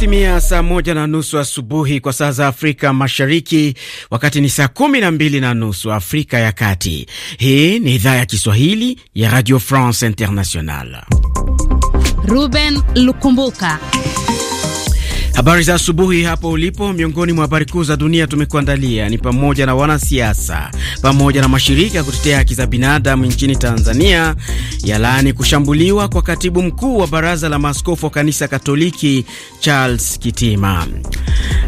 Imetimia saa moja na nusu asubuhi kwa saa za Afrika Mashariki, wakati ni saa kumi na mbili na nusu Afrika ya Kati. Hii ni idhaa ya Kiswahili ya Radio France international Ruben Lukumbuka Habari za asubuhi hapo ulipo. Miongoni mwa habari kuu za dunia tumekuandalia ni pamoja na wanasiasa pamoja na mashirika ya kutetea haki za binadamu nchini Tanzania yalaani kushambuliwa kwa katibu mkuu wa baraza la maaskofu wa kanisa Katoliki Charles Kitima.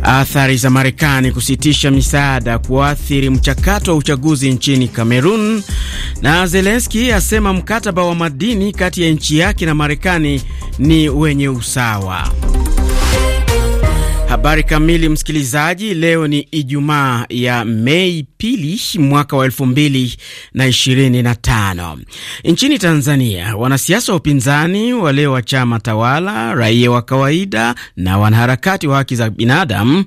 Athari za Marekani kusitisha misaada kuathiri mchakato wa uchaguzi nchini Kamerun, na zelenski asema mkataba wa madini kati ya nchi yake na Marekani ni wenye usawa. Habari kamili, msikilizaji. Leo ni Ijumaa ya Mei pili mwaka wa elfu mbili na ishirini na tano. Nchini Tanzania, wanasiasa wa upinzani wale wa chama tawala, raia wa kawaida na wanaharakati wa haki za binadamu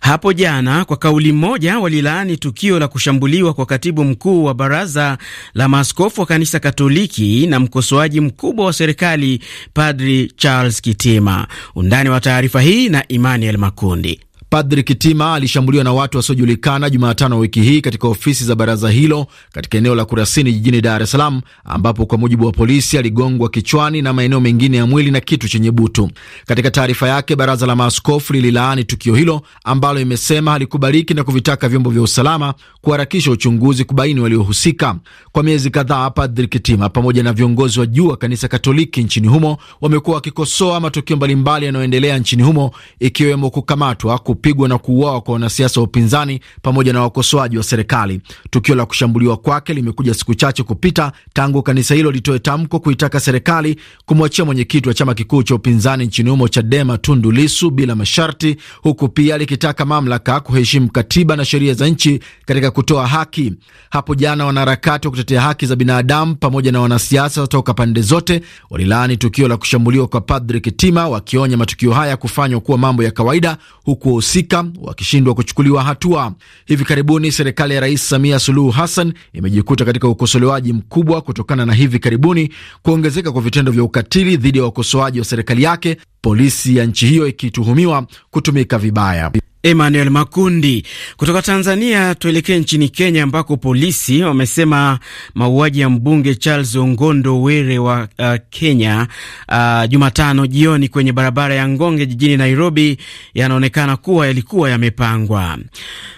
hapo jana kwa kauli moja walilaani tukio la kushambuliwa kwa katibu mkuu wa baraza la maaskofu wa kanisa Katoliki na mkosoaji mkubwa wa serikali Padri Charles Kitima. Undani wa taarifa hii na Emmanuel makundi. Padri Kitima alishambuliwa na watu wasiojulikana Jumatano wiki hii katika ofisi za baraza hilo katika eneo la Kurasini jijini Dar es Salaam, ambapo kwa mujibu wa polisi aligongwa kichwani na maeneo mengine ya mwili na kitu chenye butu. Katika taarifa yake, baraza la maaskofu lililaani tukio hilo ambalo imesema halikubaliki na kuvitaka vyombo vya usalama kuharakisha uchunguzi kubaini waliohusika. Kwa miezi kadhaa, Padri Kitima pamoja na viongozi wa juu wa kanisa Katoliki nchini humo wamekuwa wakikosoa matukio mbalimbali yanayoendelea nchini humo ikiwemo kukamatwa kupigwa na kuuawa kwa wanasiasa wa upinzani pamoja na wakosoaji wa serikali. Tukio la kushambuliwa kwake limekuja siku chache kupita tangu kanisa hilo litoe tamko kuitaka serikali kumwachia mwenyekiti wa chama kikuu cha upinzani nchini humo Chadema Tundu Lisu bila masharti, huku pia likitaka mamlaka kuheshimu katiba na sheria za nchi katika kutoa haki. Hapo jana wanaharakati wa kutetea haki za binadamu pamoja na wanasiasa toka pande zote walilaani tukio la kushambuliwa kwa Padri Kitima, wakionya matukio haya kufanywa kuwa mambo ya kawaida huku wahusika wakishindwa kuchukuliwa hatua. Hivi karibuni serikali ya Rais Samia Suluhu Hassan imejikuta katika ukosolewaji mkubwa kutokana na hivi karibuni kuongezeka kwa vitendo vya ukatili dhidi ya wakosoaji wa serikali yake, polisi ya nchi hiyo ikituhumiwa kutumika vibaya. Emmanuel Makundi. Kutoka Tanzania tuelekee nchini Kenya ambako polisi wamesema mauaji ya mbunge Charles Ongondo Were wa uh, Kenya uh, Jumatano jioni kwenye barabara ya Ngonge jijini Nairobi yanaonekana kuwa yalikuwa yamepangwa.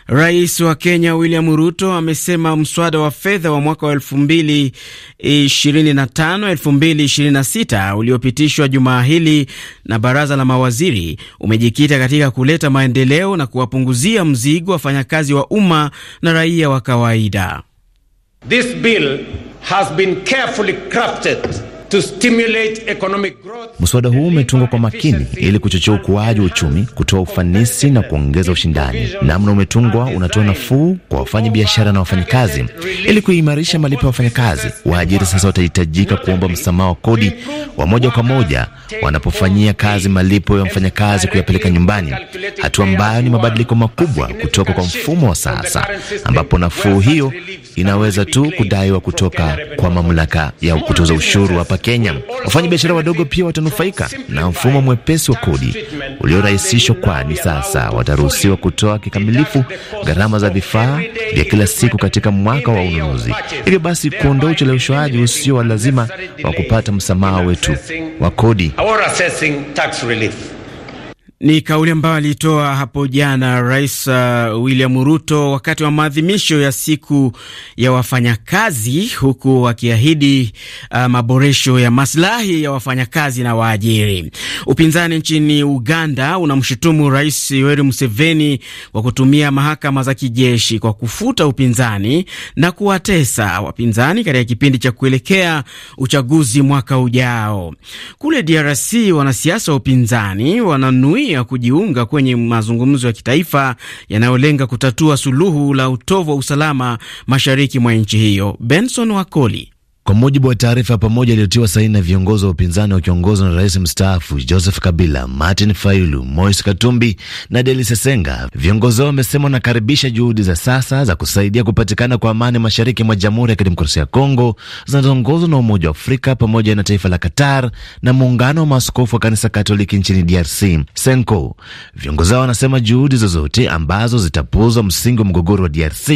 Rais wa Kenya William Ruto amesema mswada wa fedha wa mwaka wa 2025 2026 uliopitishwa Jumaa hili na baraza la mawaziri umejikita katika kuleta maendeleo na kuwapunguzia mzigo wafanyakazi wa umma na raia wa kawaida. This bill has been carefully crafted Mswada huu umetungwa kwa makini ili kuchochea ukuaji wa uchumi, kutoa ufanisi na kuongeza ushindani. Namna umetungwa unatoa nafuu kwa wafanya biashara na wafanyakazi ili kuimarisha malipo ya wafanyakazi. Waajiri sasa watahitajika kuomba msamaha wa kodi wa moja kwa moja wanapofanyia kazi malipo ya mfanyakazi kuyapeleka nyumbani, hatua ambayo ni mabadiliko makubwa kutoka kwa mfumo wa sasa ambapo nafuu hiyo inaweza tu kudaiwa kutoka kwa mamlaka ya kutoza ushuru hapa Kenya. Wafanyabiashara wadogo pia watanufaika na mfumo mwepesi wa kodi uliorahisishwa, kwani sasa wataruhusiwa kutoa kikamilifu gharama za vifaa vya kila siku katika mwaka wa ununuzi, hivyo basi kuondoa ucheleweshaji usio wa lazima wa kupata msamaha wetu wa kodi. Ni kauli ambayo alitoa hapo jana Rais uh, William Ruto wakati wa maadhimisho ya siku ya wafanyakazi, huku akiahidi uh, maboresho ya maslahi ya wafanyakazi na waajiri. Upinzani nchini Uganda unamshutumu Rais Yoweri Museveni kwa kutumia mahakama za kijeshi kwa kufuta upinzani na kuwatesa wapinzani katika kipindi cha kuelekea uchaguzi mwaka ujao. Kule DRC wanasiasa wa upinzani wananui Tanzania kujiunga kwenye mazungumzo ya kitaifa yanayolenga kutatua suluhu la utovu wa usalama mashariki mwa nchi hiyo. Benson Wakoli kwa mujibu wa taarifa ya pamoja iliyotiwa saini na viongozi wa upinzani wakiongozwa na rais mstaafu Joseph Kabila, Martin Failu, Moise Katumbi na Deli Sesenga, viongozi hao wamesema wanakaribisha juhudi za sasa za kusaidia kupatikana kwa amani mashariki mwa Jamhuri ya Kidemokrasia ya Kongo zinazoongozwa na Umoja wa Afrika pamoja na taifa la Qatar na muungano wa maaskofu wa kanisa Katoliki nchini DRC Senko. Viongozi hao wanasema juhudi zozote ambazo zitapuuza msingi wa mgogoro wa DRC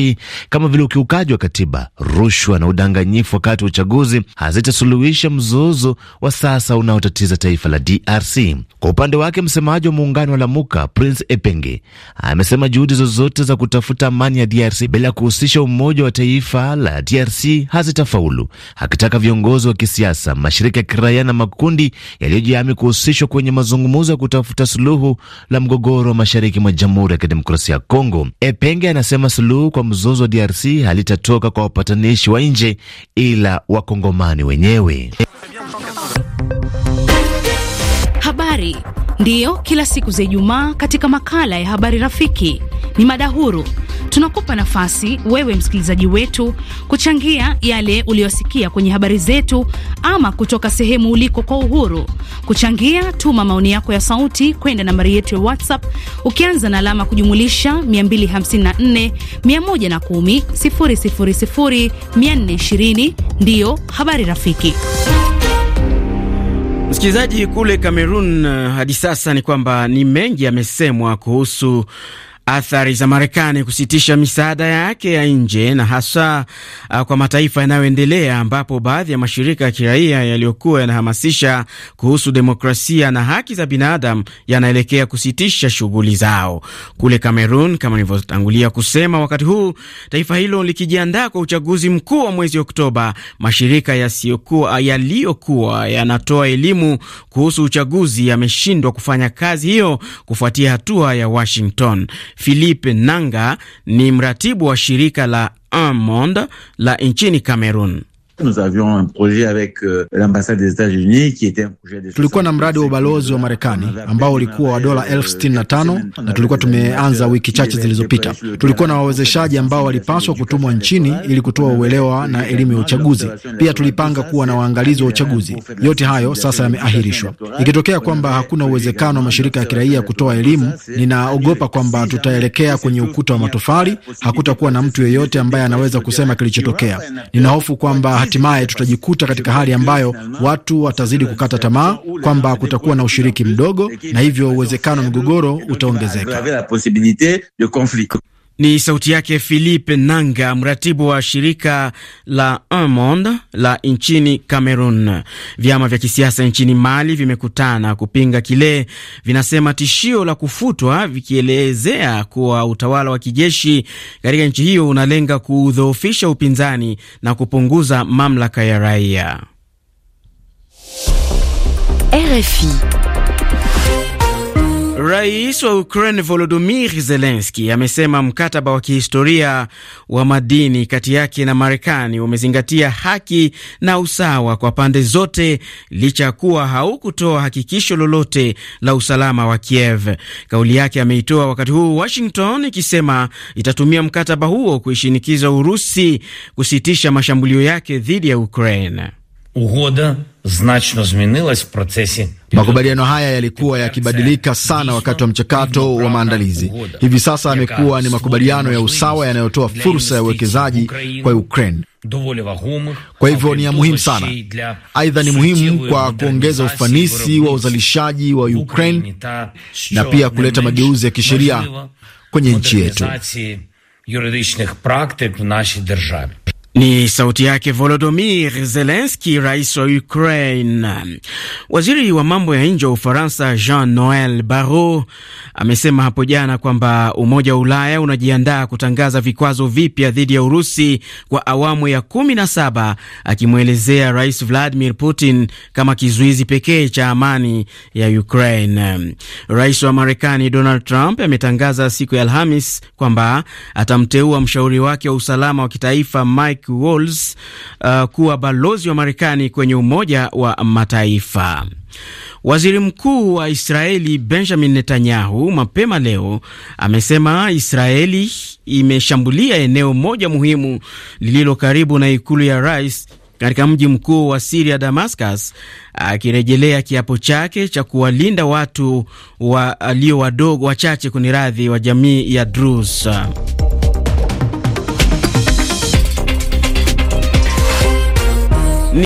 kama vile ukiukaji wa katiba, rushwa na udanganyifu wakati uchaguzi hazitasuluhisha mzozo wa sasa unaotatiza taifa la DRC. Kwa upande wake, msemaji wa muungano wa Lamuka Prince Epenge amesema juhudi zozote za kutafuta amani ya DRC bila kuhusisha umoja wa taifa la DRC hazitafaulu, akitaka viongozi wa kisiasa, mashirika ya kiraia na makundi yaliyojihami kuhusishwa kwenye mazungumzo ya kutafuta suluhu la mgogoro wa mashariki mwa Jamhuri ya Kidemokrasia ya Kongo. Epenge anasema suluhu kwa mzozo wa DRC halitatoka kwa wapatanishi wa nje, ila wakongomani wenyewe. Habari ndiyo kila siku za Ijumaa katika makala ya habari rafiki ni mada huru, tunakupa nafasi wewe msikilizaji wetu kuchangia yale uliyosikia kwenye habari zetu ama kutoka sehemu uliko kwa uhuru. Kuchangia, tuma maoni yako ya sauti kwenda nambari yetu ya WhatsApp ukianza na alama kujumulisha 254 110 Ndiyo habari rafiki. Msikilizaji kule Kamerun, uh, hadi sasa ni kwamba ni mengi yamesemwa kuhusu athari za Marekani kusitisha misaada yake ya nje na hasa uh, kwa mataifa yanayoendelea ambapo baadhi ya mashirika ya kiraia yaliyokuwa yanahamasisha kuhusu demokrasia na haki za binadamu yanaelekea kusitisha shughuli zao kule Kamerun, kama nilivyotangulia kusema. Wakati huu taifa hilo likijiandaa kwa uchaguzi mkuu wa mwezi Oktoba, mashirika yaliyokuwa yanatoa elimu kuhusu uchaguzi yameshindwa kufanya kazi hiyo kufuatia hatua ya Washington. Philippe Nanga ni mratibu wa shirika la monde la nchini Cameroon. Nous avions un projet avec euh, l'ambassade des États-Unis qui était un projet de tulikuwa na mradi wa ubalozi wa Marekani ambao ulikuwa wa dola elfu sitini na tano na tulikuwa tumeanza wiki chache zilizopita. Tulikuwa na wawezeshaji ambao walipaswa kutumwa nchini ili kutoa uelewa na elimu ya uchaguzi. Pia tulipanga kuwa na waangalizi wa uchaguzi. Yote hayo sasa yameahirishwa. Ikitokea kwamba hakuna uwezekano wa mashirika ya kiraia kutoa elimu, ninaogopa kwamba tutaelekea kwenye ukuta wa matofali. Hakutakuwa na mtu yeyote ambaye anaweza kusema kilichotokea. Ninahofu kwamba hatimaye tutajikuta katika hali ambayo watu watazidi kukata tamaa kwamba kutakuwa na ushiriki mdogo na hivyo uwezekano wa migogoro utaongezeka. Ni sauti yake Philipe Nanga, mratibu wa shirika la Un Monde la nchini Cameroon. Vyama vya kisiasa nchini Mali vimekutana kupinga kile vinasema tishio la kufutwa, vikielezea kuwa utawala wa kijeshi katika nchi hiyo unalenga kuudhoofisha upinzani na kupunguza mamlaka ya raia. RFI Rais wa Ukraine Volodymyr Zelensky amesema mkataba wa kihistoria wa madini kati yake na Marekani umezingatia haki na usawa kwa pande zote, licha ya kuwa haukutoa hakikisho lolote la usalama wa Kiev. Kauli yake ameitoa wakati huu Washington ikisema itatumia mkataba huo kuishinikiza Urusi kusitisha mashambulio yake dhidi ya Ukraine значно змінилась в процесі. Makubaliano haya yalikuwa yakibadilika sana wakati wa mchakato wa maandalizi. Hivi sasa amekuwa ni makubaliano ya usawa yanayotoa fursa ya uwekezaji kwa Ukraine. Kwa hivyo ni ya muhimu sana. Aidha, ni muhimu kwa kuongeza ufanisi wa uzalishaji wa Ukraine na pia kuleta mageuzi ya kisheria kwenye nchi yetu. Ni sauti yake Volodymyr Zelensky, rais wa Ukraine. Waziri wa mambo ya nje wa Ufaransa Jean Noel Barrot amesema hapo jana kwamba Umoja wa Ulaya unajiandaa kutangaza vikwazo vipya dhidi ya Urusi kwa awamu ya kumi na saba, akimwelezea Rais Vladimir Putin kama kizuizi pekee cha amani ya Ukraine. Rais wa Marekani Donald Trump ametangaza siku ya Alhamis kwamba atamteua mshauri wake wa usalama wa kitaifa Mike Mike Walls uh, kuwa balozi wa Marekani kwenye Umoja wa Mataifa. Waziri Mkuu wa Israeli Benjamin Netanyahu mapema leo amesema Israeli imeshambulia eneo moja muhimu lililo karibu na ikulu ya rais katika mji mkuu wa Siria, Damascus, akirejelea kiapo chake cha kuwalinda watu walio wadogo wachache kwenye radhi wa jamii ya Druze.